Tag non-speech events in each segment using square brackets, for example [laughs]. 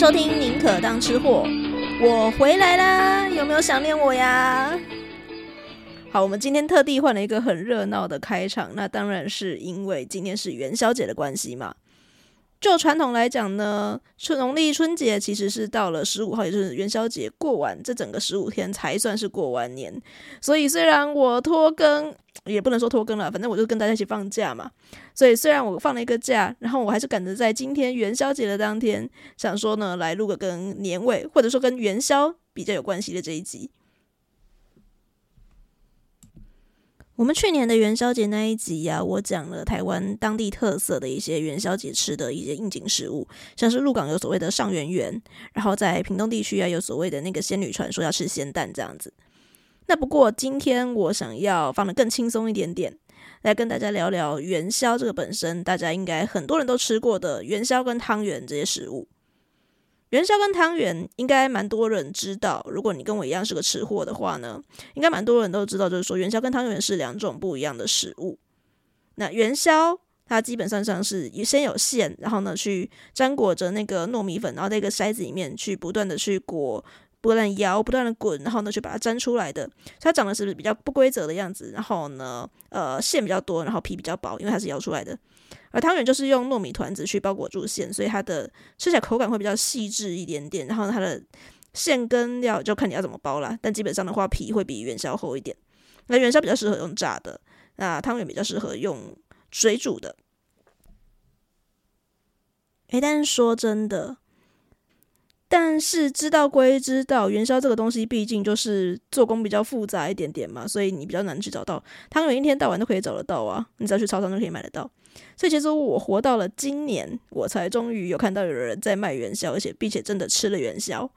收聽寧可當吃貨，我回來啦！有沒有想念我呀？好，我們今天特地換了一個很熱鬧的開場，那當然是因為今天是元宵節的關係嘛。就傳統來講呢，春農曆春節其實是到了十五號，也就是元宵節過完，這整個十五天才算是過完年。所以雖然我拖更，也不能說拖更了，反正我就跟大家一起放假嘛。所以雖然我放了一個假，然後我還是趕着在今天元宵節的當天，想說呢，來錄個跟年尾或者說跟元宵比較有關係的這一集。我們去年的元宵節那一集啊，我講了台灣當地特色的一些元宵節吃的一些應景食物，像是鹿港有所謂的上元圓，然後在屏東地區啊，有所謂的那個仙女傳說要吃仙蛋這樣子。那不過今天我想要放得更輕鬆一點點，來跟大家聊聊元宵這個本身，大家應該很多人都吃過的元宵跟湯圓這些食物。元宵跟湯圓應該蠻多人知道，如果你跟我一樣是個吃貨的話呢，應該蠻多人都知道，就是說元宵跟湯圓是兩種不一樣的食物。那元宵它基本上上是先有餡，然後呢去粘裹着那個糯米粉，然後在一個篩子裡面去不斷的去裹。不斷的搖，不斷的滾，然後呢，去把它粘出來的。它長得是不是比較不規則的樣子？然後呢，呃，餡比較多，然後皮比較薄，因為它是搖出來的。而湯圓就是用糯米團子去包裹住餡，所以它的吃起來口感會比較細緻一點點。然後它的餡跟料就看你要怎麼包啦。但基本上的話，皮會比元宵厚一點。那元宵比較適合用炸的，那湯圓比較適合用水煮的。哎，但是說真的。但是知道歸知道，元宵這個東西畢竟就是做工比較複雜一點點嘛，所以你比較難去找到，湯圓一天到晚都可以找得到啊，你只要去超商就可以買得到。所以其實我活到了今年，我才終於有看到有人在賣元宵，而且並且真的吃了元宵。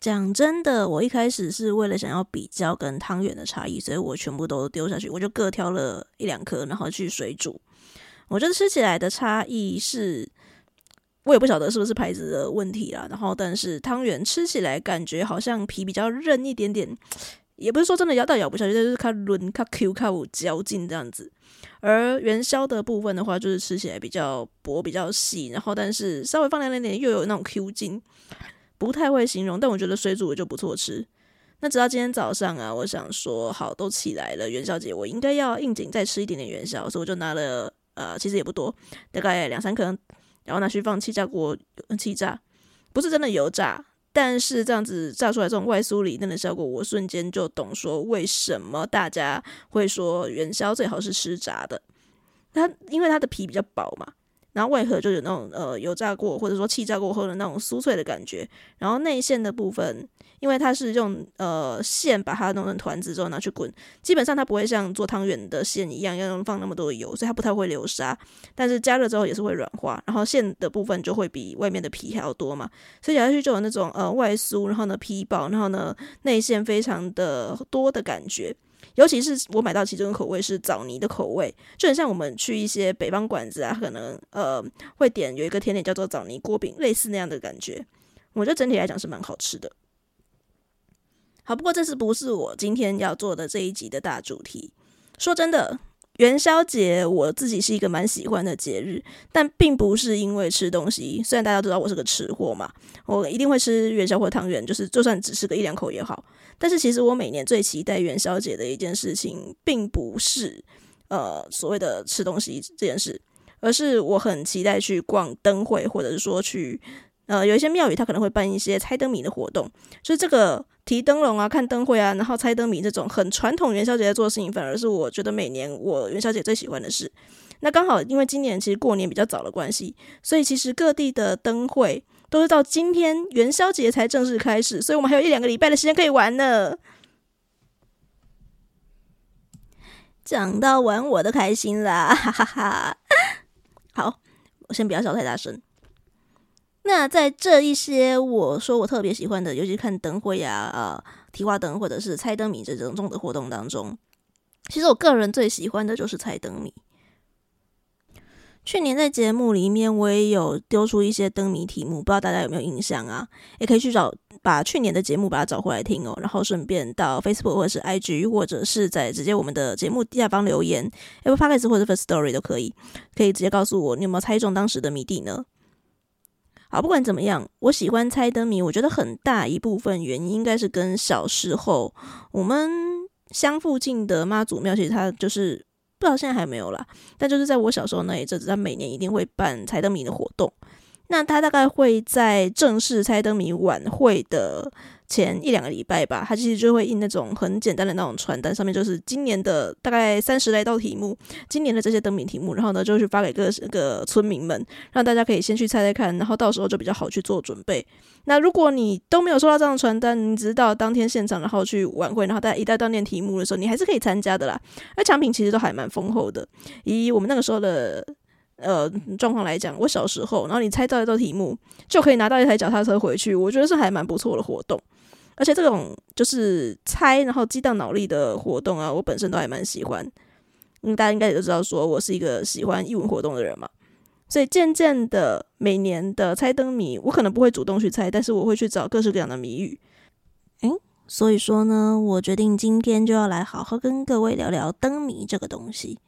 講真的，我一開始是為了想要比較跟湯圓的差異，所以我全部都丟下去，我就各挑了一兩顆，然後去水煮。我覺得吃起來的差異是。我也不曉得是不是牌子的問題啦，然後但是湯圓吃起來感覺好像皮比較韌一點點，也不是說真的咬到咬不下去，就是它輪它 Q、它有嚼勁這樣子。而元宵的部分的話，就是吃起來比較薄、比較細，然後但是稍微放涼涼點又有那種 Q 勁，不太會形容。但我覺得水煮的就不錯吃。那直到今天早上啊，我想說好都起來了，元宵節我應該要應景再吃一點點元宵，所以我就拿了呃，其實也不多，大概兩三顆。然後拿去放氣炸鍋氣炸，不是真的油炸，但是這樣子炸出來這種外酥裡嫩的效果，我瞬間就懂說為什麼大家會說元宵最好是吃炸的，它因為它的皮比較薄嘛。然後外殼就有那種呃油炸過或者說氣炸過後的那種酥脆的感覺，然後內餡的部分，因為它是用呃餡把它弄成團子之後拿去滾，基本上它不會像做湯圓的餡一樣要用放那麼多油，所以它不太會流沙，但是加熱之後也是會軟化，然後餡的部分就會比外面的皮還要多嘛，所以咬下去就有那種呃外酥，然後呢皮薄，然後呢內餡非常的多的感覺。尤其是我買到其中的口味是棗泥的口味，就很像我們去一些北方館子啊，可能呃會點有一個甜點叫做棗泥鍋餅，類似那樣的感覺。我覺得整體來講是蠻好吃的。好，不過這次不是我今天要做的這一集的大主題。說真的。元宵節，我自己是一個蠻喜歡的節日，但並不是因為吃東西。雖然大家都知道我是個吃貨嘛，我一定會吃元宵或湯圓，就是就算只吃個一兩口也好。但是其實我每年最期待元宵節的一件事情，並不是呃所謂的吃東西這件事，而是我很期待去逛燈會，或者是說去。呃，有一些廟宇，他可能會辦一些猜燈謎的活動，所以這個提燈籠啊、看燈會啊，然後猜燈謎這種很傳統元宵節做的事情，反而是我覺得每年我元宵節最喜歡的事。那剛好，因為今年其實過年比較早的關係，所以其實各地的燈會都是到今天元宵節才正式開始，所以我們還有一兩個禮拜的時間可以玩呢。講到玩我都開心啦，哈哈哈哈！好，我先不要笑太大聲。那在這一些我說我特別喜歡的，尤其是看燈會啊，呃，提花燈或者是猜燈謎這種種的活動當中，其實我個人最喜歡的就是猜燈謎。去年在節目裡面，我也有丟出一些燈謎題目，不知道大家有沒有印象啊？也可以去找把去年的節目把它找回來聽哦、喔。然後順便到 Facebook 或者是 IG，或者是在直接我們的節目下方留言，Apple Podcast 或者 Firstory 都可以，可以直接告訴我你有沒有猜中當時的謎底呢？啊，不管怎麼樣，我喜歡猜燈謎，我覺得很大一部分原因應該是跟小時候我們鄉附近的媽祖廟，其實它就是不知道現在還有沒有啦，但就是在我小時候那一陣子，它每年一定會辦猜燈謎的活動。那他大概會在正式猜燈謎晚會的。前一兩個禮拜吧，他其實就會印那種很簡單的那種傳單，上面就是今年的大概三十來道題目，今年的這些燈謎題目，然後呢，就去發給各個村民們，讓大家可以先去猜猜看，然後到時候就比較好去做準備。那如果你都沒有收到這張傳單，你直到當天現場，然後去晚會，然後大家一帶到念題目的時候，你還是可以參加的啦。而獎品其實都還蠻豐厚的，以我們那個時候的呃狀況來講，我小時候，然後你猜到一道題目，就可以拿到一台腳踏車回去，我覺得是還蠻不錯的活動。而且這種就是猜然後激盪腦力的活動啊，我本身都還蠻喜歡。嗯，大家應該也都知道，說我是一個喜歡藝文活動的人嘛，所以漸漸的，每年的猜燈謎，我可能不會主動去猜，但是我會去找各式各樣的謎語。嗯、欸，所以說呢，我決定今天就要來好好跟各位聊聊燈謎這個東西。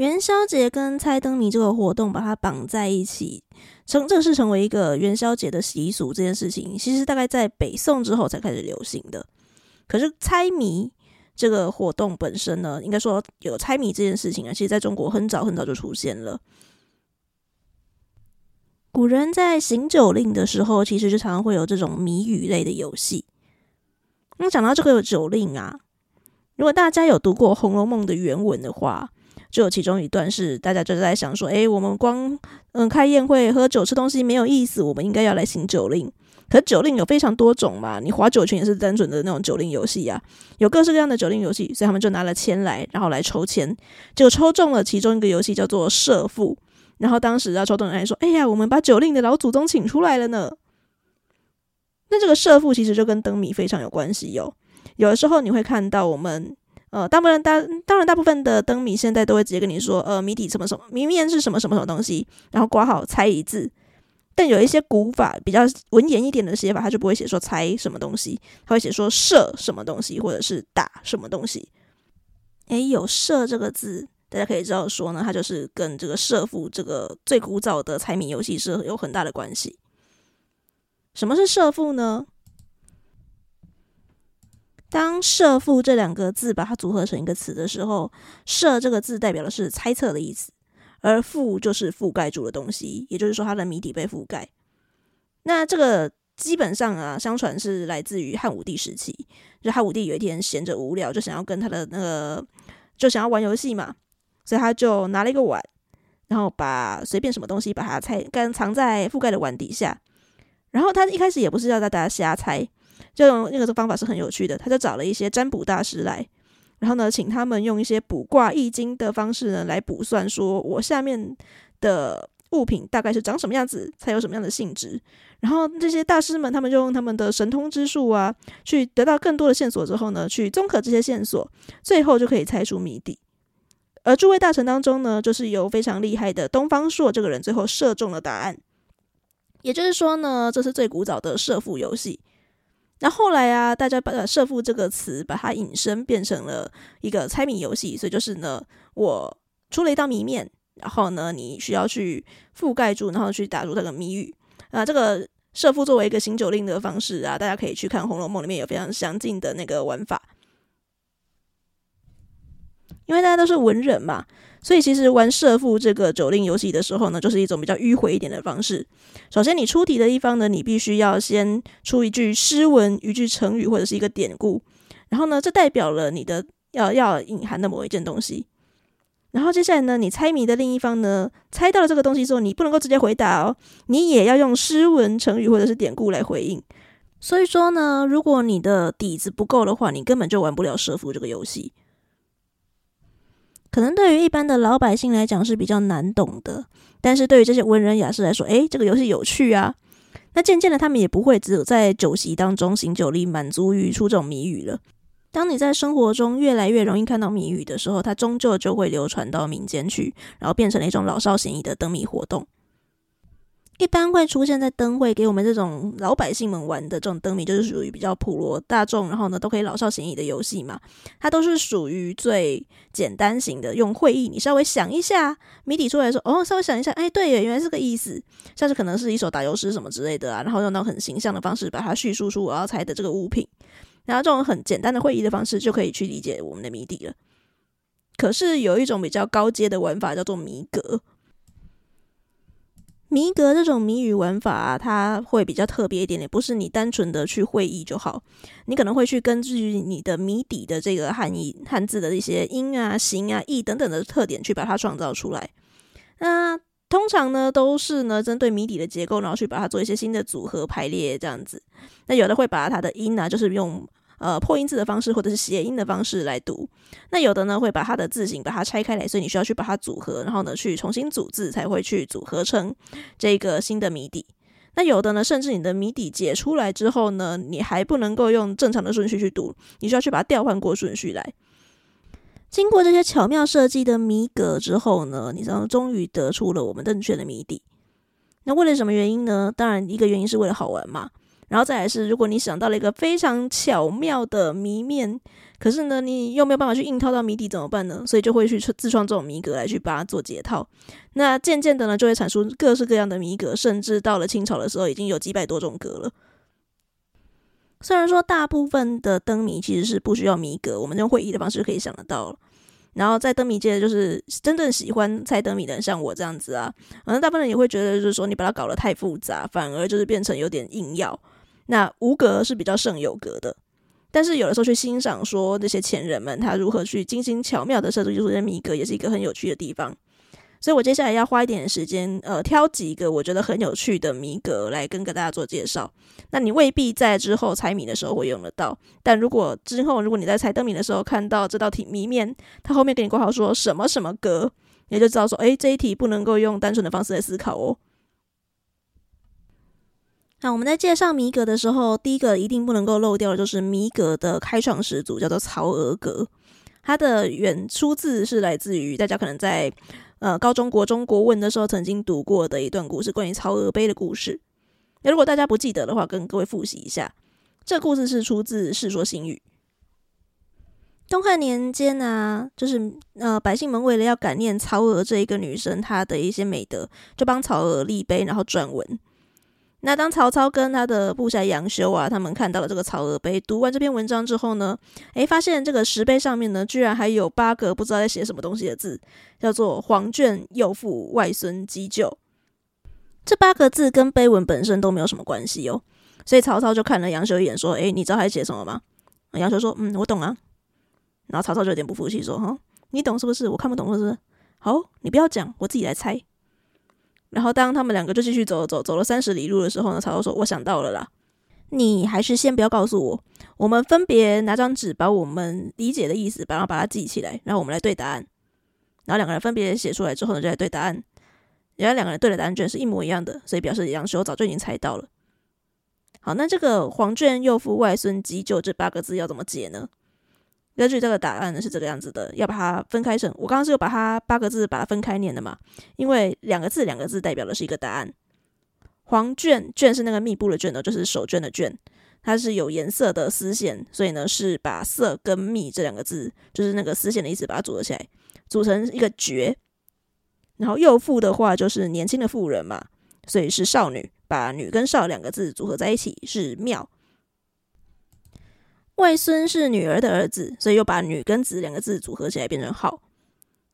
元宵節跟猜燈謎這個活動，把它綁在一起，成正式成為一個元宵節的習俗這件事情，其實大概在北宋之後才開始流行的。可是猜謎這個活動本身呢，應該說有猜謎這件事情啊，其實在中國很早很早就出現了。古人在行酒令的時候，其實就常常會有這種謎語類的遊戲。那講到這個酒令啊，如果大家有讀過《紅樓夢》的原文的話，就有其中一段是大家就在想說，誒、欸，我們光嗯開宴會喝酒吃東西沒有意思，我們應該要來行酒令。可是酒令有非常多種嘛，你划酒拳也是單純的那種酒令遊戲啊，有各式各樣的酒令遊戲，所以他們就拿了錢來，然後來抽籤，就抽中了其中一個遊戲叫做射覆。然後當時要抽中人還說，哎呀，我們把酒令的老祖宗請出來了呢。那這個射覆其實就跟燈謎非常有關係喲、哦。有的時候你會看到我們。呃，當然大部分大當然大部分的燈謎現在都會直接跟你說，呃，謎底什麼什麼，謎面是什麼什麼什麼東西，然後括號猜一字。但有一些古法比較文言一點的寫法，他就不會寫說猜什麼東西，他會寫說射什麼東西，或者是打什麼東西。哎、欸，有射這個字，大家可以知道說呢，它就是跟這個射覆這個最古早的猜謎遊戲是有很大的關係。什麼是射覆呢？當“射覆”這兩個字把它組合成一個詞的時候，“射”這個字代表的是猜測的意思，而“覆”就是覆蓋住的東西，也就是說它的謎底被覆蓋。那這個基本上啊，相傳是來自於漢武帝時期，就漢武帝有一天閒着無聊，就想要跟他的那個，就想要玩遊戲嘛，所以他就拿了一個碗，然後把隨便什麼東西把它拆，跟藏在覆蓋的碗底下，然後他一開始也不是要大家瞎猜。就用那個的方法是很有趣的，他就找了一些占卜大師來，然後呢，請他們用一些卜卦易經的方式呢來卜算，說我下面的物品大概是長什麼樣子，才有什麼樣的性質。然後這些大師們，他們就用他們的神通之術啊，去得到更多的線索之後呢，去綜合這些線索，最後就可以猜出謎底。而諸位大臣當中呢，就是有非常厲害的東方朔這個人最後射中了答案。也就是說呢，這是最古早的射覆遊戲。那後來啊，大家把“射、啊、覆這個詞把它引申變成了一個猜謎遊戲，所以就是呢，我出了一道謎面，然後呢，你需要去覆蓋住，然後去打入這個謎語。啊，這個“射覆作為一個行酒令的方式啊，大家可以去看《紅樓夢》裡面有非常詳盡的那個玩法，因為大家都是文人嘛。所以，其實玩射覆這個酒令遊戲的時候呢，就是一種比較迂回一點的方式。首先，你出題的一方呢，你必須要先出一句詩文、一句成語或者是一個典故，然後呢，這代表了你的要要隱含的某一件東西。然後接下來呢，你猜謎的另一方呢，猜到了這個東西之後，你不能夠直接回答哦，你也要用詩文、成語或者是典故來回應。所以說呢，如果你的底子不夠的話，你根本就玩不了射覆這個遊戲。可能對於一般的老百姓來講是比較難懂的，但是對於這些文人雅士來說，誒，這個遊戲有趣啊。那漸漸的，他們也不會只有在酒席當中行酒令，滿足於出這種謎語了。當你在生活中越來越容易看到謎語的時候，它終究就會流傳到民間去，然後變成了一種老少咸宜的燈謎活動。一般會出現在燈會，給我們這種老百姓們玩的這種燈謎，就是屬於比較普羅大眾，然後呢，都可以老少咸宜的遊戲嘛。它都是屬於最簡單型的，用會意你稍微想一下，謎底出來的時候，哦，稍微想一下，哎，對耶，原來是個意思。像是可能是一首打油詩什麼之類的啊，然後用到很形象的方式把它敘述出我要猜的這個物品。然後這種很簡單的會意的方式就可以去理解我們的謎底了。可是有一種比較高階的玩法，叫做謎格。謎格這種謎語玩法，啊，它會比較特別一點點，也不是你單純的去會意就好，你可能會去根據你的謎底的這個漢語漢字的一些音啊、形啊、意等等的特點去把它創造出來。那通常呢，都是呢針對謎底的結構，然後去把它做一些新的組合排列這樣子。那有的會把它的音呢、啊，就是用。呃，破音字的方式或者是諧音的方式來讀，那有的呢會把它的字形把它拆開來，所以你需要去把它組合，然後呢去重新組字才會去組合成這個新的謎底。那有的呢，甚至你的謎底解出來之後呢，你還不能夠用正常的順序去讀，你需要去把它調換過順序來。經過這些巧妙設計的謎格之後呢，你知道終於得出了我們正確的謎底。那為了什麼原因呢？當然，一個原因是為了好玩嘛。然後再來是，如果你想到了一個非常巧妙的謎面，可是呢，你又沒有辦法去硬套到謎底怎麼辦呢？所以就會去自創這種謎格來去把它做解套。那漸漸的呢，就會產出各式各樣的謎格，甚至到了清朝的時候，已經有幾百多種格了。雖然說大部分的燈謎其實是不需要謎格，我們用會意的方式就可以想得到了。然後在燈謎界，就是真正喜歡猜燈謎的人，像我這樣子啊，啊，反正大部分人也會覺得，就是說你把它搞得太複雜，反而就是變成有點硬要。那無格是比較勝有格的，但是有的時候去欣賞說那些前人們他如何去精心巧妙的設置這些謎格，也是一個很有趣的地方。所以我接下來要花一點時間，呃，挑幾個我覺得很有趣的謎格來跟跟大家做介紹。那你未必在之後猜謎的時候會用得到，但如果之後如果你在猜燈謎的時候看到這道題謎面，它後面給你括號說什麼什麼格，你就知道說，哎、欸，這一題不能夠用單純的方式來思考哦。那我們在介紹謎格的時候，第一個一定不能夠漏掉的就是謎格的開創始祖，叫做曹娥格。它的原出自是來自於大家可能在呃高中國中國文的時候曾經讀過的一段故事，關於曹娥碑的故事。那如果大家不記得的話，跟各位複習一下，這個、故事是出自《世說新語》。東漢年間啊，就是呃百姓們為了要感念曹娥這一個女生她的一些美德，就幫曹娥立碑，然後撰文。那當曹操跟他的部下楊修啊，他們看到了這個曹娥碑，讀完這篇文章之後呢，哎、欸，發現這個石碑上面呢，居然還有八個不知道在寫什麼東西的字，叫做“黃絹、幼婦外孫齏臼。這八個字跟碑文本身都沒有什麼關係哦，所以曹操就看了楊修一眼，說：“哎、欸，你知道他寫什麼嗎？”啊，楊修說：“嗯，我懂啊。”然後曹操就有點不服氣，說：“哈、哦，你懂是不是？我看不懂是不是？好，你不要講，我自己來猜。”然後，當他們兩個就繼續走走走了三十里路的時候呢，曹操說：“我想到了啦，你還是先不要告訴我。我們分別拿張紙把我們理解的意思，把它把它記起來，然後我們來對答案。然後兩個人分別寫出來之後呢，就來對答案。然後兩個人對的答案居然是一模一樣的，所以表示楊修早就已經猜到了。好，那這個‘黃絹幼婦外孫齏臼’這八個字要怎麼解呢？”根據這個答案呢，是這個樣子的，要把它分開成。我剛剛是有把它八個字把它分開念的嘛，因為兩個字兩個字代表的是一個答案。黃絹，絹是那個密布的絹呢，就是手絹的絹，它是有顏色的絲線，所以呢是把色跟密這兩個字，就是那個絲線的意思，把它組合起來，組成一個絕。然後幼婦的話就是年輕的婦人嘛，所以是少女，把女跟少兩個字組合在一起是妙。外孫是女兒的兒子，所以又把“女”跟“子”兩個字組合起來變成“好”。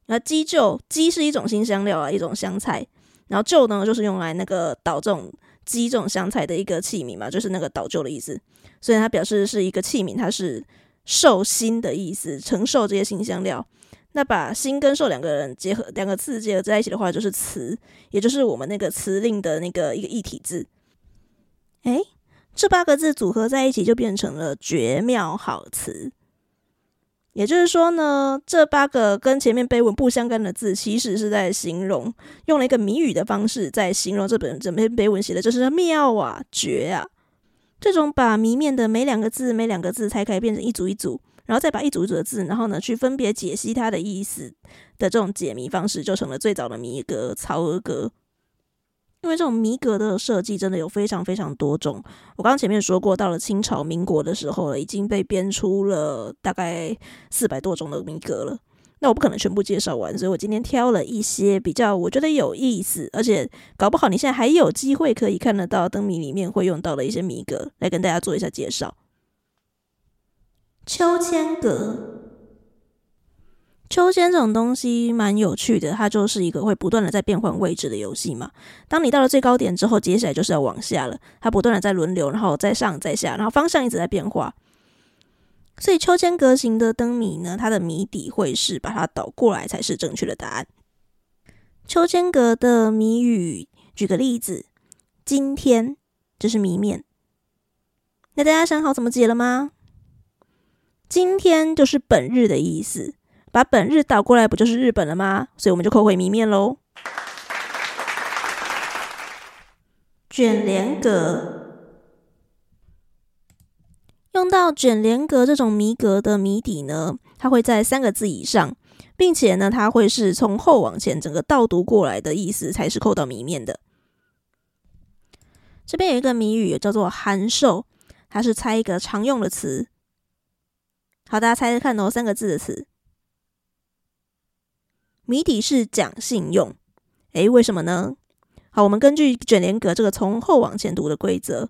那“韭臼”，韭是一種辛香料啊，一種香菜，然後臼呢，就是用來那個搗這種韭這種香菜的一個器皿嘛，就是那個搗臼的意思。所以它表示是一個器皿，它是“受辛”的意思，承受這些辛香料。那把“辛”跟“受”兩個人結合，兩個字結合在一起的話，就是“辭”，也就是我們那個“辭令”的那個一個異體字。哎、欸。這八個字組合在一起就變成了絕妙好詞。也就是說呢，這八個跟前面碑文不相干的字，其實是在形容，用了一個謎語的方式在形容這本這篇碑文寫的就是妙啊，絕啊！這種把謎面的每兩個字每兩個字拆開變成一組一組，然後再把一組一組的字，然後呢去分別解析它的意思的這種解謎方式，就成了最早的謎格、曹娥格。因為這種謎格的設計真的有非常非常多種，我剛剛前面說過，到了清朝民國的時候了，已經被編出了大概四百多種的謎格了。那我不可能全部介紹完，所以我今天挑了一些比較我覺得有意思，而且搞不好你現在還有機會可以看得到燈謎裡面會用到的一些謎格來跟大家做一下介紹。鞦韆格。秋千這種東西蠻有趣的，它就是一個會不斷的在變換位置的遊戲嘛。當你到了最高點之後，接下來就是要往下了，它不斷的在輪流，然後再上再下，然後方向一直在變化。所以秋千格型的燈謎呢，它的謎底會是把它倒過來才是正確的答案。秋千格的謎語，舉個例子，今天就是謎面，那大家想好怎麼解了嗎？今天就是本日的意思。把本日倒過來不就是日本了嗎？所以我們就扣回謎面嘍。 [laughs] 捲簾格，用到捲簾格這種謎格的謎底呢，它會在三個字以上，並且呢，它會是從後往前整個倒讀過來的意思才是扣到謎面的。這邊有一個謎語叫做「函授」，它是猜一個常用的詞。好，大家猜猜看哦，三個字的詞。謎底是講信用，哎，為什麼呢？好，我們根據捲簾格這個從後往前讀的規則，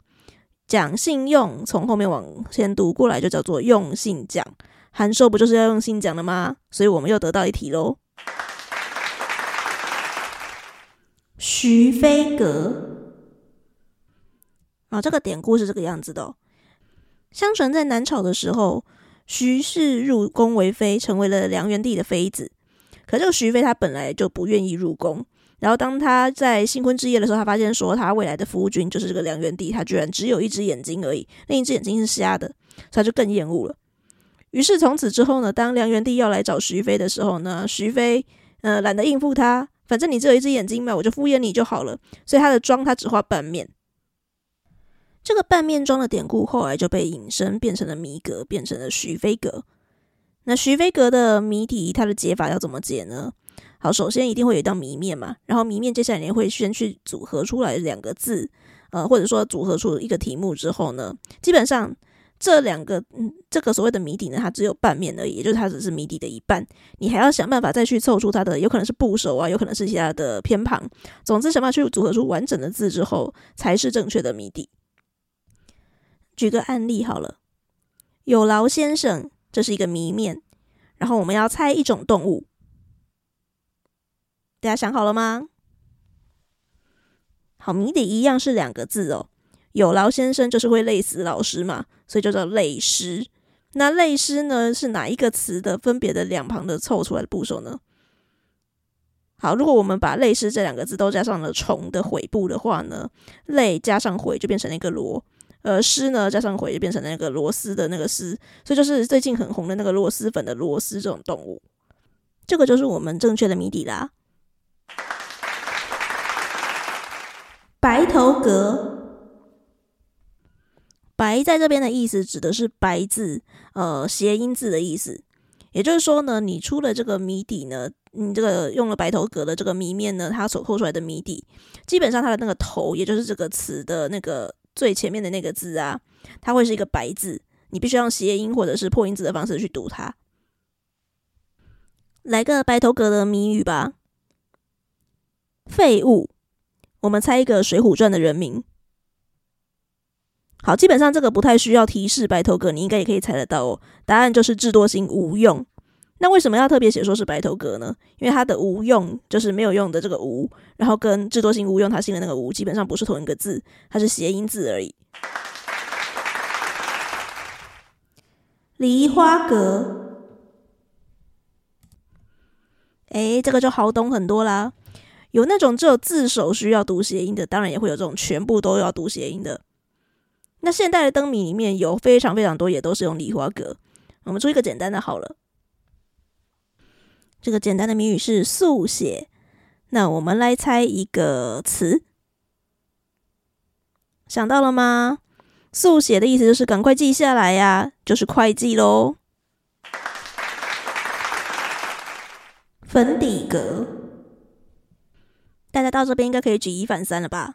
講信用從後面往前讀過來就叫做用信講，函授不就是要用信講的嗎？所以我們又得到一題嘍。徐妃格啊，這個典故是這個樣子的哦。相傳在南朝的時候，徐氏入宮為妃，成為了梁元帝的妃子。可這個徐妃他本來就不願意入宮，然後當他在新婚之夜的時候，他發現說他未來的夫君就是這個梁元帝，他居然只有一隻眼睛而已，另一隻眼睛是瞎的，所以他就更厭惡了。於是從此之後呢，當梁元帝要來找徐妃的時候呢，徐妃呃懶得應付他，反正你只有一隻眼睛嘛，我就敷衍你就好了。所以他的妝他只化半面，這個半面妝的典故後來就被引申變成了謎格，變成了徐妃格。那徐妃格的謎底，它的解法要怎麼解呢？好，首先一定會有一道謎面嘛，然後謎面接下來你會先去組合出來兩個字，呃，或者說組合出一個題目之後呢，基本上這兩個、嗯，這個所謂的謎底呢，它只有半面而已，也就是它只是謎底的一半，你還要想辦法再去湊出它的，有可能是部首啊，有可能是其他的偏旁，總之想辦法去組合出完整的字之後，才是正確的謎底。舉個案例好了，有勞先生。這是一個謎面，然後我們要猜一種動物。大家想好了嗎？好，謎底一樣是兩個字哦。有勞先生就是會累死老師嘛，所以就叫累師。那累師呢，是哪一個詞的分別的兩旁的湊出來的部首呢？好，如果我們把累師這兩個字都加上了蟲的回部的話呢，累加上回就變成了一個螺。呃，詩呢加上回就變成了那個螺絲的那個絲，所以就是最近很紅的那個螺螄粉的螺絲這種動物，這個就是我們正確的謎底啦。白頭格，白在這邊的意思指的是白字，呃，諧音字的意思。也就是說呢，你出了這個謎底呢，你這個用了白頭格的這個謎面呢，它所扣出來的謎底，基本上它的那個頭，也就是這個詞的那個。最前面的那個字啊，它會是一個白字，你必須用諧音或者是破音字的方式去讀它。來個白頭格的謎語吧，廢物！我們猜一個《水滸傳》的人名。好，基本上這個不太需要提示，白頭格你應該也可以猜得到哦。答案就是智多星吳用。那為什麼要特別寫說是白頭格呢？因為它的無用就是沒有用的這個無，然後跟智多星吳用他姓的那個吳，基本上不是同一個字，它是諧音字而已。梨花格，哎、欸，這個就好懂很多啦。有那種只有字首需要讀諧音的，當然也會有這種全部都要讀諧音的。那現代的燈謎裡面有非常非常多，也都是用梨花格。我們出一個簡單的好了。這個簡單的謎語是速寫，那我們來猜一個詞，想到了嗎？速寫的意思就是趕快記下來呀、啊，就是快記咯。粉 [laughs] 底格，大家到這邊應該可以舉一反三了吧？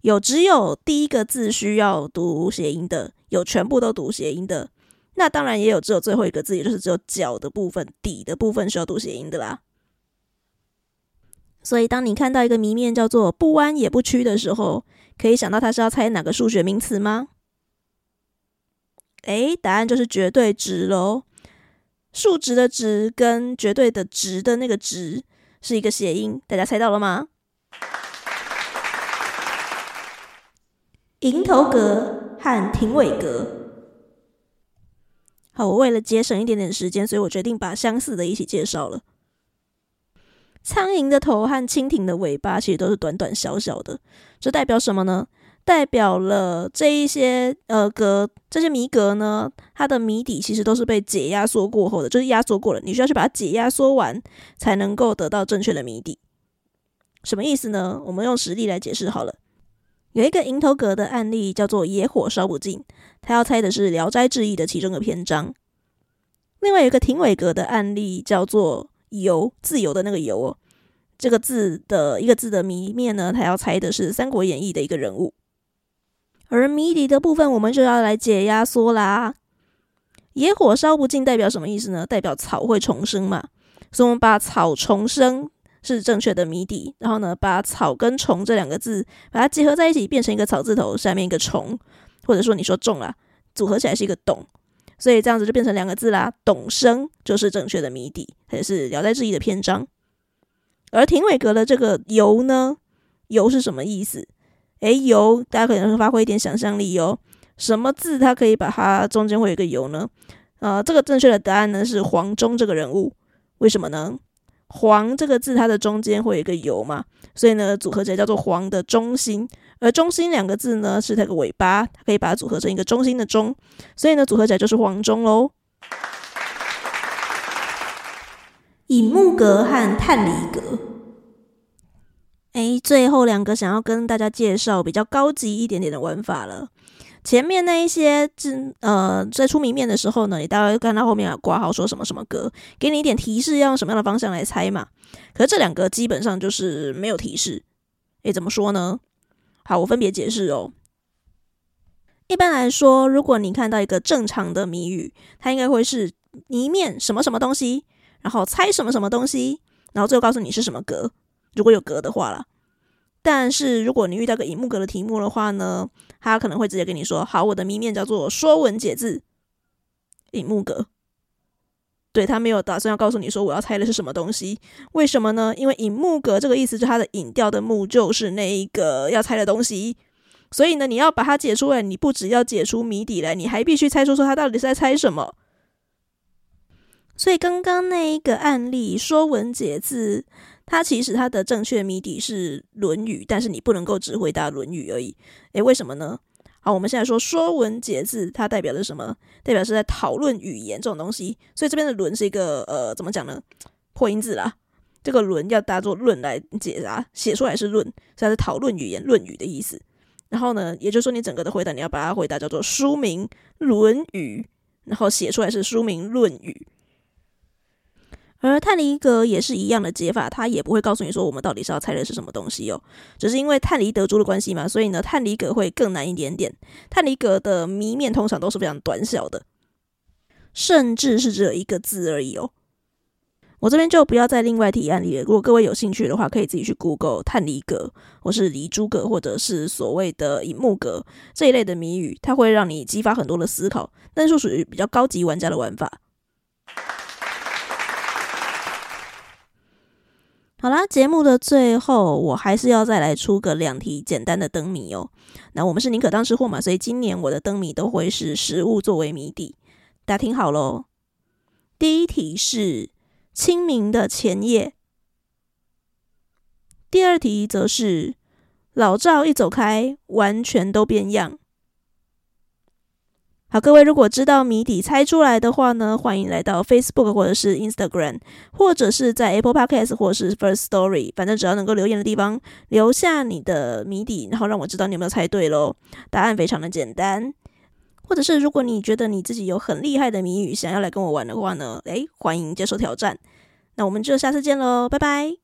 有只有第一個字需要讀諧音的，有全部都讀諧音的。那當然也有，只有最後一個字，也就是只有“腳”的部分，“底”的部分需要讀諧音的啦。所以，當你看到一個謎面叫做“不彎也不曲”的時候，可以想到它是要猜哪個數學名詞嗎？哎，欸，答案就是絕對值嘍！數值的“值”跟絕對的“值”的那個“值”是一個諧音，大家猜到了嗎？蠅 [laughs] 頭格和蜓尾格。好，我為了節省一點點時間，所以我決定把相似的一起介紹了。蒼蠅的頭和蜻蜓的尾巴其實都是短短小小的，這代表什麼呢？代表了這一些呃格，這些謎格呢，它的謎底其實都是被解壓縮過後的，就是壓縮過了，你需要去把它解壓縮完，才能夠得到正確的謎底。什麼意思呢？我們用實例來解釋好了。有一個蠅頭格的案例叫做“野火燒不盡”，他要猜的是《聊齋志異》的其中的篇章。另外有一個蜓尾格的案例叫做“遊”，自由的那個“遊”哦，這個字的一個字的謎面呢，他要猜的是《三國演義》的一個人物。而謎底的部分，我們就要來解壓縮啦。“野火燒不盡”代表什麼意思呢？代表草會重生嘛，所以我們把草重生，是正確的謎底，然後呢，把“草”跟“蟲”這兩個字把它結合在一起，變成一個“草”字頭下面一個“蟲”，或者說你說中了，組合起來是一個“董”。所以這樣子就變成兩個字啦，“董生”就是正確的謎底，也是聊齋志異的篇章。而蜓尾格的這個“游”呢，“游”是什麼意思？哎、欸，“游”，大家可能發揮一點想象力哦，什麼字它可以把它中間會有一個“游”呢？呃，這個正確的答案呢是黃忠這個人物，為什麼呢？黃這個字，它的中間會有一個油嘛，所以呢，組合起來叫做黃的中心。而中心兩個字呢，是它的尾巴，可以把它組合成一個中心的中，所以呢，組合起來就是黃中嘍。隱目格和探驪格，哎、欸，最後兩個想要跟大家介紹比較高級一點點的玩法了。前面那一些，字，呃，在出謎面的時候呢，你大概看到後面有括號說什麼什麼格，給你一點提示，要用什麼樣的方向來猜嘛。可是這兩個基本上就是沒有提示。哎，怎麼說呢？好，我分別解釋哦。一般來說，如果你看到一個正常的謎語，它應該會是謎面什麼什麼東西，然後猜什麼什麼東西，然後最後告訴你是什麼格，如果有格的話啦。但是，如果你遇到一個隱目格的題目的話呢，他可能會直接跟你說：“好，我的謎面叫做《說文解字》隱目格。對”對他沒有打算要告訴你說我要猜的是什麼東西。為什麼呢？因為隱目格這個意思就是它的隱掉的目就是那一個要猜的東西，所以呢，你要把它解出來，你不只要解出謎底來，你還必須猜出說他到底是在猜什麼。所以剛剛那一個案例，《說文解字》。它其實它的正確謎底是《論語》，但是你不能夠只回答《論語》而已。誒，為什麼呢？好，我們現在說《說文解字》，它代表的是什麼？代表是在討論語言這種東西。所以這邊的“論”是一個呃，怎麼講呢？破音字啦。這個“論”要當作“論”來解答，寫出來是“論”，是它是討論語言，《論語》的意思。然後呢，也就是說你整個的回答，你要把它回答叫做書名《論語》，然後寫出來是書名《論語》。而探驪格也是一樣的解法，它也不會告訴你說我們到底是要猜的是什麼東西哦。只是因為探驪得珠的關係嘛，所以呢，探驪格會更難一點點。探驪格的謎面通常都是非常短小的，甚至是只有一個字而已哦。我這邊就不要再另外提案例了。如果各位有興趣的話，可以自己去 Google 探驪格，或是驪珠格，或者是所謂的隱目格這一類的謎語，它會讓你激發很多的思考，但是屬於比較高級玩家的玩法。好啦，節目的最後，我還是要再來出個兩題簡單的燈謎哦。那我們是寧可當吃貨嘛，所以今年我的燈謎都會是食物作為謎底。大家聽好嘍，第一題是清明的前夜，第二題則是老趙一走開，完全都變樣。好，各位，如果知道謎底猜出來的話呢，歡迎來到 Facebook 或者是 Instagram，或者是在 Apple Podcast 或者是 Firstory，反正只要能夠留言的地方，留下你的謎底，然後讓我知道你有沒有猜對嘍。答案非常的簡單，或者是如果你覺得你自己有很厲害的謎語，想要來跟我玩的話呢，誒，歡迎接受挑戰。那我們就下次見嘍，拜拜。